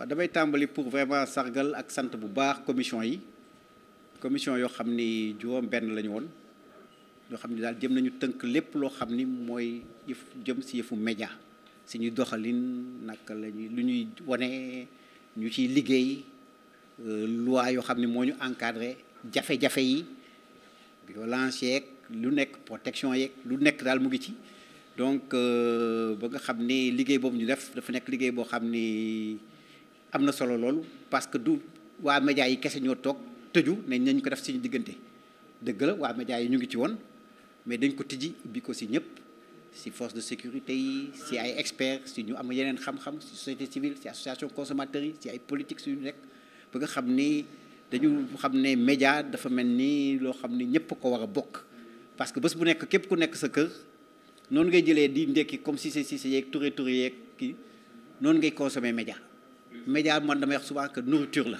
Ah, damay tàmbali pour vraiment sargal ak sant bu baax commission yi commission yoo xam ni juróom benn la woon yoo xam ni daal jëm nañu tënk lépp loo xam ni mooy jëm si yëfu média si ñuy doxalin naka la lu ñuy wane ñu ci liggéey euh, loi yoo xam ni moo ñu encadré jafe-jafe yi violence yeeg lu nekk protection yeeg lu nekk daal mu ngi ci donc euh, ba nga xam ni liggéey boobu ñu def dafa nekk liggéey boo xam ni am na solo loolu parce que du waa média yi kese ñoo toog tëju ne nañ ko def suñu diggante dëgg la waa média yi ñu ngi ci woon mais dañ ko tijji bi ko si ñëpp si force de sécurité yi si ay experts si ñu am yeneen xam-xam si société civile si association consommateurs yi si ay politique ñu rek ba nga xam ni dañu xam ne média dafa mel ni loo xam ni ñëpp ko war a bokk parce que bés bu nekk képp ku nekk sa kër noonu ngay jëlee di ndekki comme si si si yeeg turé turé yeeg kii noonu ngay consommer média média man damay wax souvent que la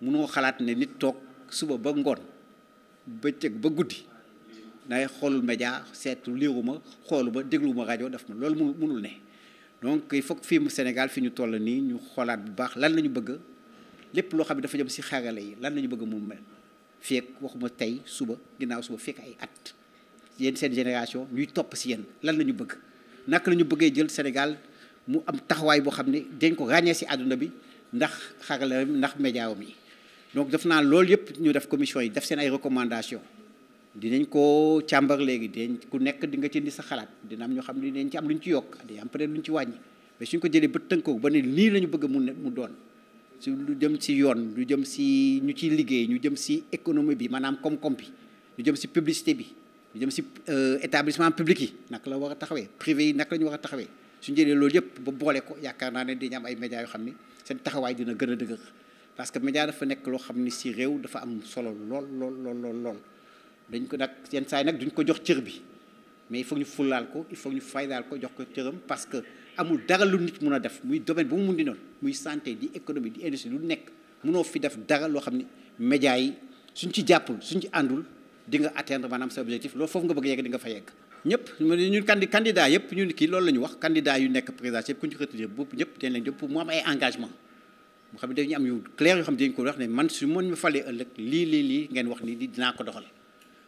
mënoo xalaat ne nit toog suba ba ngoon bëccëg ba guddi day xoolul média seetu liiruma xooluma dégluma rajo daf ma loolu mu mënul ne donc il fii mu Sénégal fi ñu toll nii ñu xoolaat bu baax lan la ñu bëgg lépp loo xam ne dafa jëm si xarala yi lan la ñu bëgg mu mel feek waxuma tey suba ginnaaw suba fekk ay at yéen seen génération ñuy topp si yéen lan la ñu bëgg naka la ñu bëggee jël Sénégal mu am taxawaay boo xam ne dañ ko ràññee si àdduna bi ndax xaralaam ndax médiawam yi donc def naa loolu yëpp ñu def commission yi def seen ay recommandation dinañ ko càmbar léegi dinañ ku nekk di nga ci indi sa xalaat dina am ñoo xam ne dinañ ci am lu ñu ci yokk dina am peut être lu ñu ci wàññi mais suñ ko jëlee ba tënkoo ba ne lii la ñu bëgg mu mu doon su lu jëm si yoon lu jëm si ñu ciy liggéey ñu jëm si économie bi maanaam koom bi ñu jëm si publicité bi jëm si euh, établissement public yi nak la war a taxawee privé yi naka la ñu war a taxawee su jëlee loolu yëpp ba boole ko yaakaar naa ne dañu am ay médias yoo xam ne seen taxawaay dina gën a dëgër parce que média dafa nekk loo xam ni si réew dafa am solo lool lool lool lool lool dañ ko nag yenn saa yi nag duñ ko jox cër bi mais il faut ñu fullaal ko il faut ñu faydaal ko jox ko cëram parce que amul dara lu nit mun a def muy domaine bu mu mun di noonu muy santé di économie di industrie lu nekk munoo fi def dara loo xam ni médias yi suñ ci jàppul suñ ci àndul di nga atteindre maanaam sa objectif loolu foofu nga bëgg yegg di nga fa yegg ñëpp ñun candi candidat yëpp ñun kii loolu la wax candidat yu nekk président ñëpp dañ leen jëm pour mu am ay engagement mu xam ne dañu am yu clair xam ne ko wax ne man su mën ma falee ëllëg lii lii lii ngeen wax ni dinaa ko doxal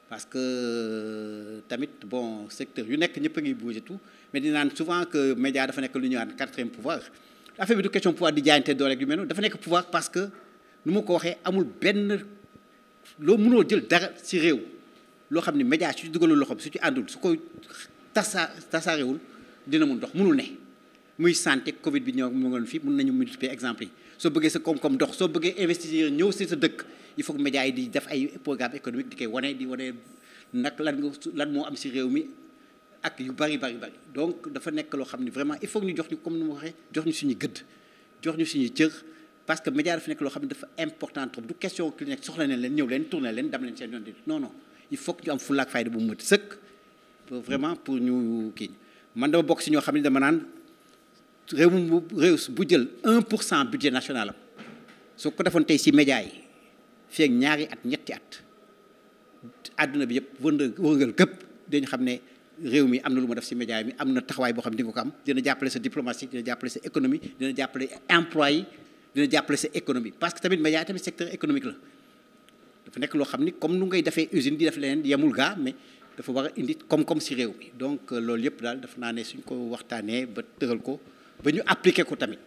parce que euh, tamit bon secteur yu nekk ñëpp ngi bougé tout mais di naan souvent que média dafa nekk lu ñuy naan quatrième pouvoir affaire bi pouvoir di jaayante doole ak yu dafa nekk pouvoir parce que nu ma loo mënoo jël dara ci réew loo xam ne média su ci dugalul loxoom su ci àndul su ko tasa tasaarewul dina mun ndox munul ne muy santé Covid bi ñëw mu ngoon fii mun nañu multiplier exemple yi soo sa koom-koom soo bëggee investisseur ñëw si sa dëkk il faut que yi di def ay programme économique di koy wane di wane nak lan nga lan moo am si réew mi ak yu bari bari bari donc dafa nekk loo xam ne vraiment il foog ñu jox ñu comme nu mu waxee jox ñu suñu gëdd jox ñu suñu cër. parce que média dafa nekk loo xam ne dafa important trop du question ki soxla nañ leen ñëw leen tourné leen dem leen seen yoon di non non il faut que ñu am fulla fayda bu mu mët sëkk pour vraiment pour ñu kii man dama bokk si ñoo xam ne dama naan réew mu réew bu jël un pour cent budget national am soo ko defoon tey si média yi fi ak ñaari at ñetti at àdduna bi yëpp wënd wërngal këpp dañu xam ne réew mi am na lu ma def si média mi am na taxawaay boo xam ne di nga ko am dina dina jàppale sa économie parce que tamit média tamit secteur économique la dafa nekk loo xam ni comme nu ngay defee usine di def leneen yemul gaa mais dafa war a indi koom-koom si réew mi donc euh, loolu yëpp daal dafa naa ne suñ ko waxtaanee ba tëral ko ba ñu appliquer ko tamit